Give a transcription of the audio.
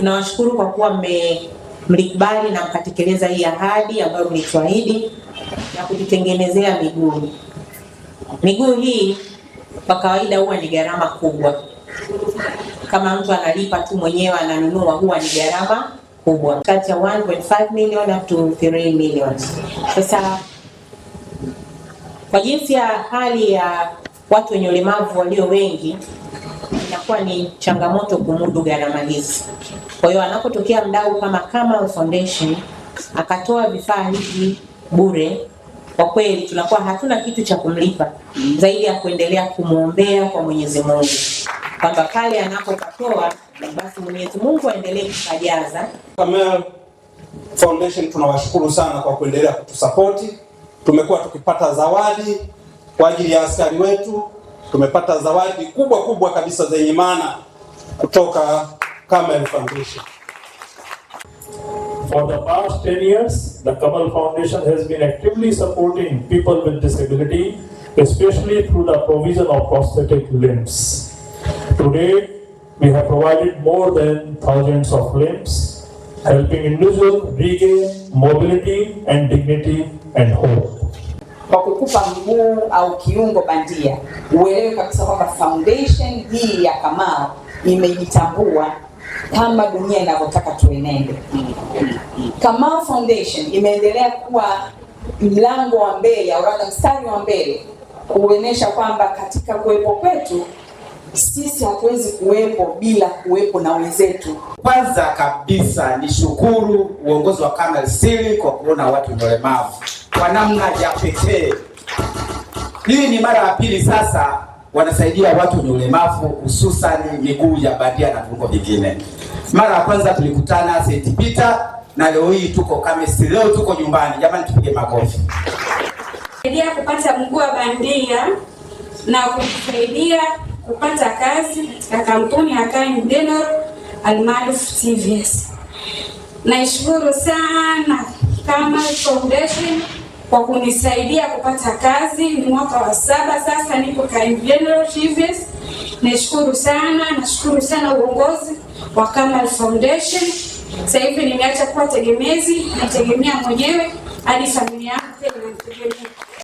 tunawashukuru kwa kuwa mme, mlikubali na mkatekeleza hii ahadi ambayo mlituahidi ya kujitengenezea miguu. Miguu hii kwa kawaida huwa ni gharama kubwa, kama mtu analipa tu mwenyewe ananunua, huwa ni gharama kubwa, kati ya 1.5 million up to 3 million. Sasa kwa jinsi ya hali ya watu wenye ulemavu walio wengi inakuwa ni changamoto kumudu gharama hizi. Kwa hiyo anapotokea mdau kama Kamau Foundation akatoa vifaa hivi bure, kwa kweli tunakuwa hatuna kitu cha kumlipa zaidi ya kuendelea kumwombea kwa Mwenyezi Mungu kwamba pale anapokatoa basi Mwenyezi Mungu aendelee kupajaza. Kamau Foundation tunawashukuru sana kwa kuendelea kutusapoti. Tumekuwa tukipata zawadi kwa ajili ya askari wetu tumepata zawadi kubwa kubwa kabisa zenye maana kutoka Kamel Foundation. For the past 10 years, the Kamal Foundation has been actively supporting people with disability, especially through the provision of prosthetic limbs. Today, we have provided more than thousands of limbs, helping individuals regain mobility and dignity and hope kwa kukupa mguu au kiungo bandia, uelewe kabisa kwamba foundation hii ya Kamao imejitambua kama dunia inavyotaka tuenende. Kamao Foundation imeendelea kuwa mlango wa mbele au rada mstari wa mbele kuonesha kwamba katika kuwepo kwetu sisi hatuwezi kuwepo bila kuwepo na wenzetu. Kwanza kabisa ni shukuru uongozi wa Canal Siri kwa kuona watu wenye ulemavu kwa namna ya pekee. Hii ni mara ya pili sasa wanasaidia watu wenye ulemavu hususani miguu ya bandia na viungo vingine. Mara ya kwanza tulikutana St. Peter na leo hii tuko Kamesti, leo tuko nyumbani. Jamani, tupige makofi. Saidia kupata mguu wa bandia na kumsaidia kupata kazi katika kampuni ya Kain Dental almaarufu TVS. Naishukuru sana kama foundation kwa kunisaidia kupata kazi. Ni mwaka wa saba sasa niko Kaimu General Chiefs. Nashukuru sana, nashukuru sana uongozi wa Kamal Foundation. Sasa hivi nimeacha kuwa tegemezi, nategemea mwenyewe hadi familia yangu pia inanitegemea.